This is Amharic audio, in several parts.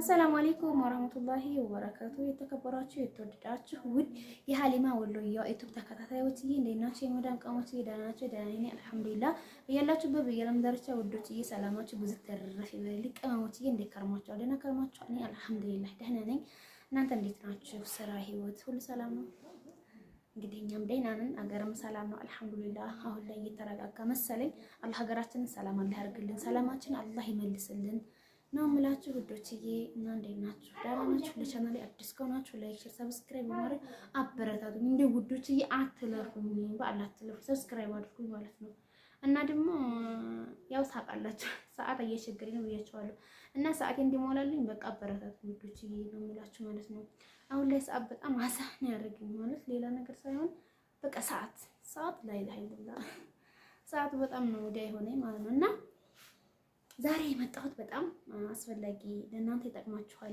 አሰላሙ አሌይኩም ወረህመቱላሂ ወበረካቱ። የተከበራችሁ የተወደዳችሁ ውድ የሀሊማ ወሎያ ዩቱብ ተከታታዮች እንዴት ናችሁ? የመዳም ቀሞች ደህና ናቸው? ደህና ነኝ አልሐምዱሊላህ። እያላችሁበት በየዓለም ዳርቻ ውዶችዬ ሰላማችሁ ብዙ ተረፍ ይበልልኝ። ቅመሞችዬ እንዴት ከርማችኋል? ደህና ከርማችኋል? እኔ አልሐምዱሊላህ ደህና ነኝ። እናንተ እንዴት ናችሁ? ስራ፣ ህይወት ሁሉ ሰላም ነው? እንግዲህ እኛም ደህና ነን። አገርም ሰላም ነው አልሐምዱሊላህ። አሁን ላይ እየተረጋጋ መሰለኝ። አላህ ሀገራችንን ሰላም አላህ ያርግልን፣ ሰላማችን አላህ ይመልስልን። ነው የምላችሁ ውዶችዬ። እና እንዴት ናችሁ? ደህና ናችሁ? ለቻናሌ አዲስ ከሆናችሁ ላይክ፣ ሼር፣ ሰብስክራይብ እንደ ውዶችዬ አትለፉ፣ ሰብስክራይብ ማለት ነው። እና ደግሞ ያው ታውቃላችሁ ሰዓት እየቸገረኝ ነው ብያቸዋለሁ። እና ሰዓት እንዲሞላልኝ በቃ ውዶችዬ ነው የምላችሁ ማለት ነው። አሁን ላይ ሰዓት በጣም ያደርግኝ ማለት ሌላ ነገር ሳይሆን በቃ ሰዓት ሰዓት ላይ ላይ ሰዓቱ በጣም ነው ወዲያ የሆነ ማለት ነው እና ዛሬ የመጣሁት በጣም አስፈላጊ ለእናንተ ይጠቅማችኋል፣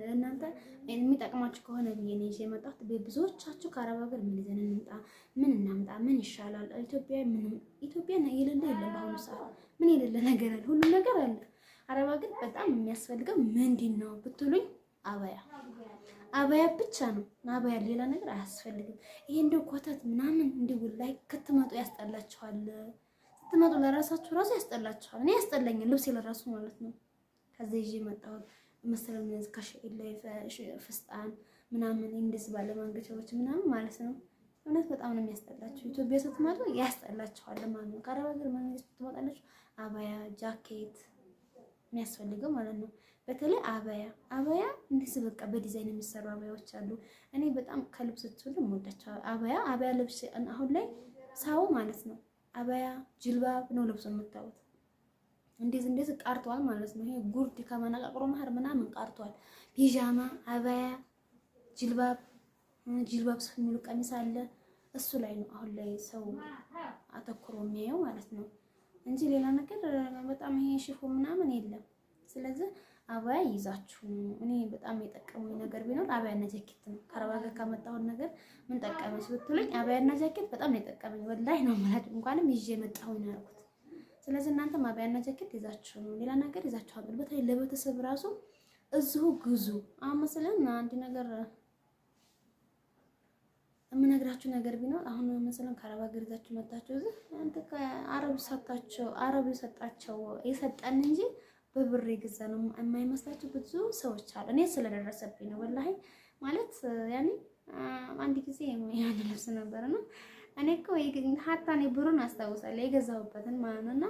ለእናንተ የሚጠቅማችሁ ከሆነ ብዬ ነው ይዤ የመጣሁት። ብዙዎቻችሁ ከአረብ ሀገር ምን ይዘን እንምጣ፣ ምን እናምጣ፣ ምን ይሻላል፣ ኢትዮጵያ ምን ኢትዮጵያ የሌለ የለም። በአሁኑ ሰዓት ምን የሌለ ነገር አለ፣ ሁሉም ነገር አለ። አረብ ሀገር በጣም የሚያስፈልገው ምንድን ነው ብትሉኝ አበያ አበያ ብቻ ነው። አበያ ሌላ ነገር አያስፈልግም። ይሄ እንደ ኮተት ምናምን እንዲሁ ላይ ክትመጡ ያስጠላችኋል። ስትመጡ ለራሳችሁ ራሱ ያስጠላችኋል። እኔ ያስጠላኝ ልብስ ለራሱ ማለት ነው። ከዚ ይዤ መጣሁት መሰለኝ ከሽላይ ፍስጣን ምናምን እንደዚህ ባለ ማንገቻዎች ምናምን ማለት ነው። እውነት በጣም ነው የሚያስጠላችሁ። ኢትዮጵያ ስትመጡ ያስጠላችኋል ማለት ነው። ከአረብ ሀገር መንግስት ትመጣለች አባያ ጃኬት የሚያስፈልገው ማለት ነው። በተለይ አባያ አባያ እንደዚህ በቃ በዲዛይን የሚሰሩ አባያዎች አሉ። እኔ በጣም ከልብስ ሁሉ የምወዳቸው አባያ አባያ ልብስ አሁን ላይ ሳው ማለት ነው አበያ ጅልባብ ነው ለብሶ የምታዩት። እንዴዝ እንደዚህ ቃርቷል ማለት ነው። ይሄ ጉርድ ከመነቃቅሮ መሀር ምናምን ቃርቷል። ፒዣማ፣ አበያ፣ ጅልባብ ጅልባብ ሰፊ ሙሉ ቀሚስ አለ። እሱ ላይ ነው አሁን ላይ ሰው አተኩሮ የሚያየው ማለት ነው እንጂ ሌላ ነገር በጣም ይሄ ሽፎ ምናምን የለም። ስለዚህ አባያ ይዛችሁ እኔ በጣም የጠቀሙኝ ነገር ቢኖር አባያና ጃኬት ነው። ከአረብ ሀገር ካመጣሁት ነገር ምን ጠቀመች ብትሉኝ አባያና ጃኬት በጣም ነው የጠቀመኝ። ወላሂ ነው የምላችሁ። እንኳንም ይዤ የመጣሁኝ ነው ያልኩት። ስለዚህ እናንተም አባያና ጃኬት ይዛችሁ ነው፣ ሌላ ነገር ይዛችሁ አሉ። በተለይ ለቤተሰብ ራሱ እዚሁ ግዙ። አሁን መስለን አንድ ነገር የምነግራችሁ ነገር ቢኖር አሁን መሰለን ከአረብ ሀገር ይዛችሁ መጣችሁ እዚህ አንተ ከአረብ ሰጣቸው አረብ የሰጣቸው የሰጠን እንጂ በብር የገዛ ነው የማይመስላቸው ብዙ ሰዎች አሉ። እኔ ስለደረሰብኝ ነው ወላሂ። ማለት ያኔ አንድ ጊዜ ያን ልብስ ነበር ነው እኔ እኮ ሀታ እኔ ብሩን አስታውሳለሁ የገዛሁበትን ማለት ነው። እና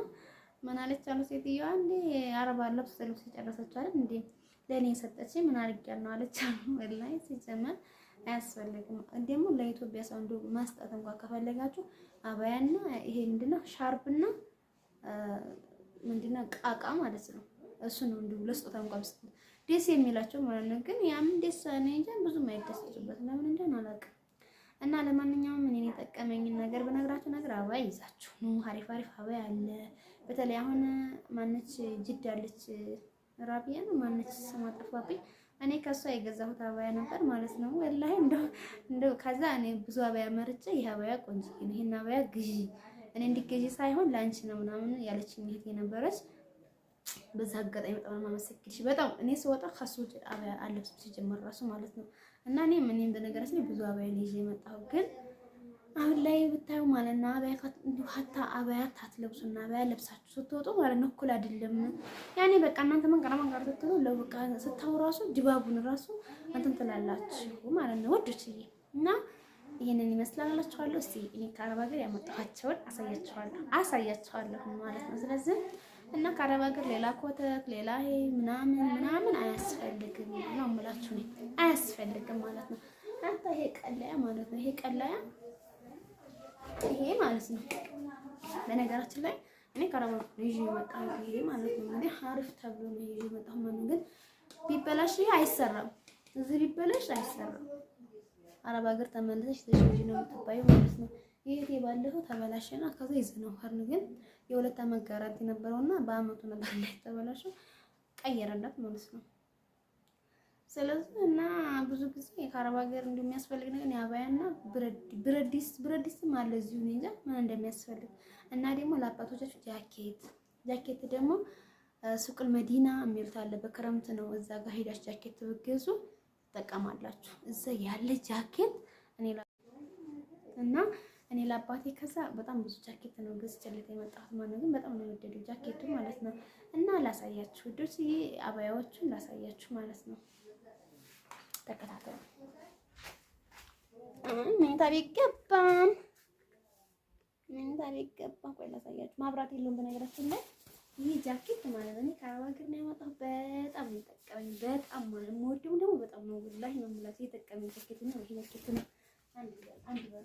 ምን አለች አሉ ሴትዮዋ፣ እንዴ አረባ ለብስ ልብስ የጨረሰችው አይደል እንዴ ለእኔ የሰጠች ምን አድርጊያለሁ ነው አለች አሉ። ወላሂ ሲጀመር አያስፈልግም ደግሞ ለኢትዮጵያ ሰው እንዲሁ መስጠት እንኳ ከፈለጋችሁ አባያና ይሄ ምንድነው ሻርፕና ምንድነው ቃቃ ማለት ነው። እሱ ነው እንዲሁ ለስጦታ እንኳን ደስ የሚላቸው ማለት ነው። ግን ያም ደስ እኔ እንጃ ብዙም አይደሰቱበት ለምን እንደሆነ አላውቅም። እና ለማንኛውም እኔን የጠቀመኝን ነገር በነግራችሁ ነገር አበባ ይዛችሁ ነው። አሪፍ አሪፍ አበባ አለ። በተለይ አሁን ማነች ጅድ አለች ራቢያ ነው ማነች ስሟ ጠፋብኝ። እኔ ከሷ የገዛሁት አበያ ነበር ማለት ነው። ወላሂ እንደው እንደው ከዛ እኔ ብዙ አበያ መርጬ ይህ አበያ ቆንጆ ይሄን አበያ ግዢ እኔ እንዲገዢ ሳይሆን ለአንቺ ነው ምናምን ያለችኝ እህቴ ነበረች። በዛ አጋጣሚ በጣም ማመሰግንሽ በጣም እኔ ስወጣ ከሱ ውጭ አበያ አለብስ ሲጀመር ራሱ ማለት ነው። እና እኔ ምን ነው ብዙ አበያ ይዤ የመጣሁ ግን አሁን ላይ ብታዩ ማለት ነው አበያ ካት ሀታ አበያ ታትለብሱና አበያ ለብሳችሁ ስትወጡ ማለት ነው እኩል አይደለም። ያኔ በቃ እናንተ መንቀራ መንቀራ ስትሉ ለበቃ ስታው ራሱ ድባቡን ራሱ እንትን ትላላችሁ ማለት ነው ወዶችዬ እና ይመስላል እላችኋለሁ። እስቲ እኔ ከአረብ ሀገር ያመጣኋቸውን አሳያችኋለሁ አሳያችኋለሁ ማለት ነው። ስለዚህ እና ከአረብ ሀገር ሌላ ኮተት ሌላ ይሄ ምናምን ምናምን አያስፈልግም ነው የምላችሁ ነው አያስፈልግም ማለት ነው። አንተ ይሄ ቀላያ ማለት ነው። ይሄ ቀላያ ይሄ ማለት ነው። በነገራችን ላይ እኔ ከአረብ ሀገር ይዤ የመጣሁት ይሄ ማለት ነው። እንዴ አሪፍ ተብሎ ነው ይዤ የመጣሁት ማለት ነው። ግን ቢበላሽ ይሄ አይሰራም። እዚህ ቢበላሽ አይሰራም። አረብ ሀገር ተመልሰሽ ተሽጂ ነው የምትባዩ ማለት ነው። ይሄ የባለፈው ተበላሸና ከዛ ነው ካልን ግን የሁለት አመት ጋራንቲ ነበረውና በአመቱ ነበር ላይ ተበላሸው ቀየረላት ማለት ነው። ስለዚህ እና ብዙ ጊዜ ከአረብ ሀገር እንደሚያስፈልግ ነገር ያባያና ብረዲስ ብረዲስም አለ እዚሁ እኔ እንጃ ምን እንደሚያስፈልግ እና ደግሞ ለአባቶቻችሁ ጃኬት ጃኬት ደግሞ ሱቅል መዲና የሚሉት አለ። በክረምት ነው እዛ ጋር ሄዳችሁ ጃኬት ብትገዙ ትጠቀማላችሁ። እዛ ያለ ጃኬት እኔ እና እኔ ለአባቴ ከዛ በጣም ብዙ ጃኬት ነው ገዝቼለት የመጣሁት ማለት ነው። በጣም ነው የወደደው ጃኬቱ ማለት ነው። እና ላሳያችሁ ውዶች፣ ይሄ አባያዎቹን ላሳያችሁ ማለት ነው። ተከታተሉ። መኝታ ቤት ገባን። መኝታ ቤት ገባን። ቆይ ላሳያችሁ። ማብራት የለውም በነገራችን ላይ ይህ ጃኬት ማለት ነው ከአረብ ሀገር ነው ያመጣሁት። በጣም ነው የጠቀመኝ። በጣም ማለት የምወደው ደግሞ በጣም ነው ወላሂ ነው የምላችሁ የጠቀመኝ ጃኬት ነው ይሄ ጃኬት ነው። አንድ በር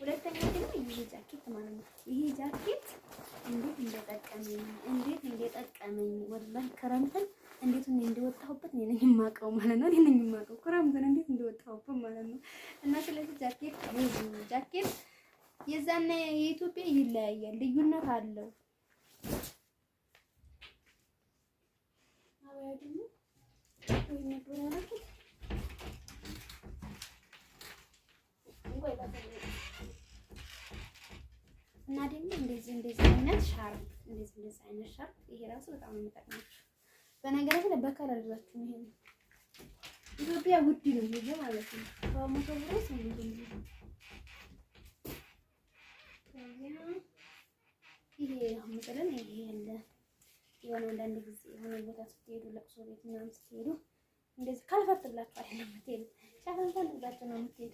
ሁለተኛ ደግሞ ይሄ ጃኬት ማለት ነው። ይሄ ጃኬት እንዴት እንደጠቀመኝ እንዴት እንደጠቀመኝ ወላሂ ክረምትን እንዴት ነው እንደወጣሁበት እኔ ነኝ የማውቀው ማለት ነው። እኔ ነኝ የማውቀው ክረምትን እንዴት እንደወጣሁበት ማለት ነው። እና ስለዚህ ጃኬት ጃኬት የዛና የኢትዮጵያ ይለያያል፣ ልዩነት አለው። እና ደግሞ እንደዚህ እንደዚህ አይነት ሻርፕ እንደዚህ እንደዚህ አይነት ሻርፕ ይሄ ራሱ በጣም የሚጠቅማችሁ በነገራችን ላይ በከለር ይሄ ኢትዮጵያ ውድ ነው ይሄ ማለት ነው ስምንት ይሄ አሁን ጥለን ይሄ ያለ የሆነ አንዳንድ ጊዜ የሆነ ቦታ ስትሄዱ ለቅሶ ቤት ምናምን ስትሄዱ እንደዚህ ካልፈት ብላችሁ አይደለም የምትሄዱ ሻፈንፈን ብላችሁ ነው የምትሄዱ።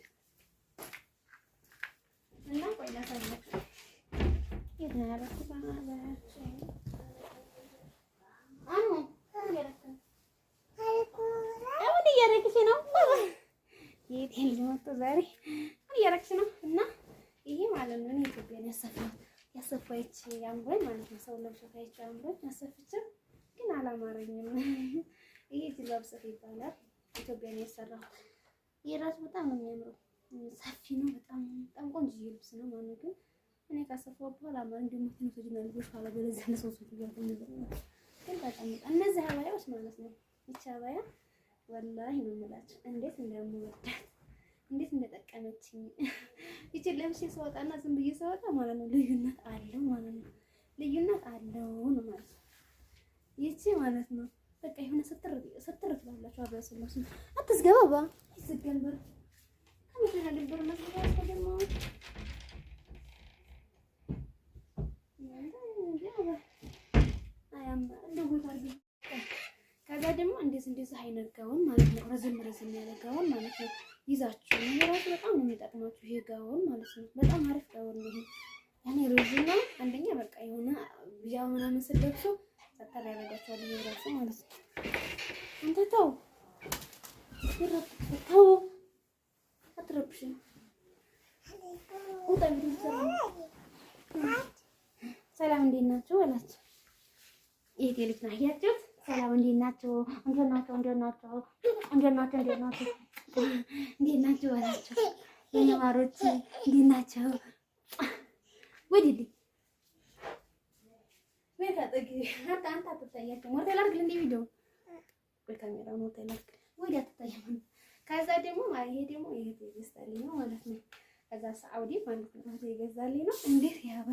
እና ቆይ ላሳያችሁ የት ነው ያደረኩት ፋይቺ ያምሮኝ ማለት ነው። ሰው ለብሶ ፋይቺ ያምሮኝ አሰፍችም፣ ግን አላማረኝም። ይሄ ጅላብ ሰፊ ይባላል። ኢትዮጵያ ነው የሰራሁት። የራሱ በጣም ነው የሚያምረው። ሰፊ ነው በጣም በጣም ቆንጆ ልብስ ነው ማለት ነው። እኔ ካሰፋው በኋላ ማለት ነው ትንሽ ልጅ ካለ በለዛ ለሰው ሰው ያለው ነው። ግን በጣም እነዚህ አባያዎች ማለት ነው። ይቻ አባያ ወላሂ ነው የምላቸው እንዴት እንደምወዳት እንዴት እንደጠቀመችኝ ይቺ ለብሼ ስወጣና ዝም ብዬ ስወጣ ማለት ነው ልዩነት አለው ማለት ነው። ልዩነት አለው ነው ማለት ነው። ይቺ ማለት ነው በቃ የሆነ ስትር ስትር ትላላችሁ። አብራ ስለሱ አትስገባባ ይስገንበር ከመጀመሪያ ድንበር መስራት ያስፈልገው አያም ቦታ ከዛ ደግሞ እንደዚህ እንደዚህ አይነት ጋውን ማለት ነው ረዘም ረዘም ያለ ጋውን ማለት ነው ይዛችሁ ነው ራሱ በጣም ነው የሚጠቅማችሁ። ይሄ ጋውን ማለት ነው በጣም አሪፍ ጋውን ነው። እኔ ረዥም ነው አንደኛ በቃ የሆነ ብያ ምናምን ስለብሶ ሰጠር ያደርጋችኋል። ይሄ ራሱ ማለት ነው አንተ ተው ተው አትረብሽ ውጣ። እንግዲህ ሰላም እንዴት ናቸው አላችሁ ይሄ ቴሌክና ያያችሁት ሰላም እንዴት ናችሁ? እንዴት ናችሁ? እንዴት ናችሁ? እንዴት ናችሁ? እንዴት ናችሁ? እንዴት ናችሁ አላችሁ የእኔ ማሮች እንዴት ናችሁ? ወዲህ ከዛ ደግሞ ይሄ ደግሞ ይሄ ይገዛልኝ ነው ማለት ነው። ከዛ ሳውዲ ማለት ነው ይገዛልኝ ነው። እንዴት ያ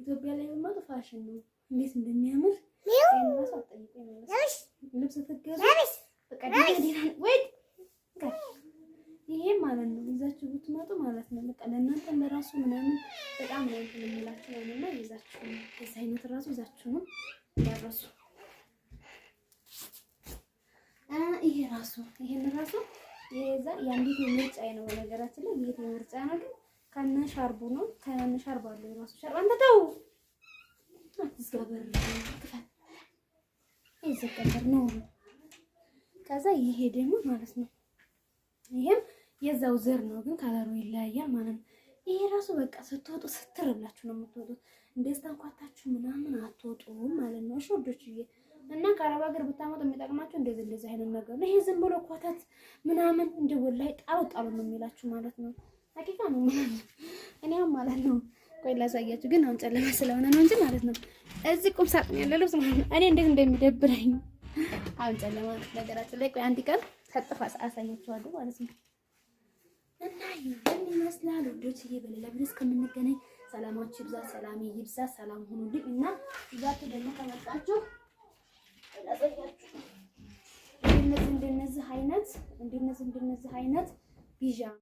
ኢትዮጵያ ላይ ፋሽን ነው እንዴት እንደሚያምር ልብስ ስትገዙ ይሄ ማለት ነው ይዛችሁ ብትመጡ ማለት ነው በቃ ለእናንተ ለራሱ ምናምን በጣም ነው የምላችሁ ያለና ይዛችሁ የዚህ አይነት ራሱ ይዛችሁ ነው ያረሱ ይሄ ራሱ ይሄን ራሱ የዛ የአንዲት ምርጫ ነው። ነገራችን ላይ የት ምርጫ ነው ግን ከነ ሻርቡ ነው ከነ ሻርቡ አለው ራሱ ሻርቡ አንተ ተው አትዝጋበር ክፈት ይዘቀበር ነው። ከዛ ይሄ ደግሞ ማለት ነው ይሄም የዛው ዘር ነው፣ ግን ከለሩ ይለያያል ማለት ነው። ይሄ ራሱ በቃ ስትወጡ ስትር ብላችሁ ነው የምትወጡት። እንደዚህ ተንኳታችሁ ምናምን አትወጡም ማለት ነው። እሺ ወዶችዬ እና ከአረብ ሀገር ብታመጡ የሚጠቅማቸው እንደዚህ እንደዚህ አይነት ነገር ነው። ይሄ ዝም ብሎ ኮተት ምናምን እንደው ላይ ጣሉ ጣሉ ነው የሚላችሁ ማለት ነው። ሀቂቃ ነው ምናምን እኔም ማለት ነው ቆይ ላሳያችሁ። ግን አሁን ጨለማ ስለሆነ ነው እንጂ ማለት ነው። እዚህ ቁም ሳጥን ያለ ልብስ ማለት ነው። እኔ እንዴት እንደሚደብረኝ አሁን ጨለማ ነገራችን ላይ ቆይ አንድ ቀን ተጥፋ አሳያችኋለሁ ማለት ነው። እና ይህን ይመስላል ውዶች። ይሄ በሌላ ቪዲዮ እስከምንገናኝ ሰላማችሁ ይብዛ፣ ሰላም ይብዛ፣ ሰላም ሁኑልኝ። እና ይዛችሁ ደግሞ ከመጣችሁ እንደነዚህ እንደነዚህ አይነት እንደነዚህ እንደነዚህ አይነት ቢዣ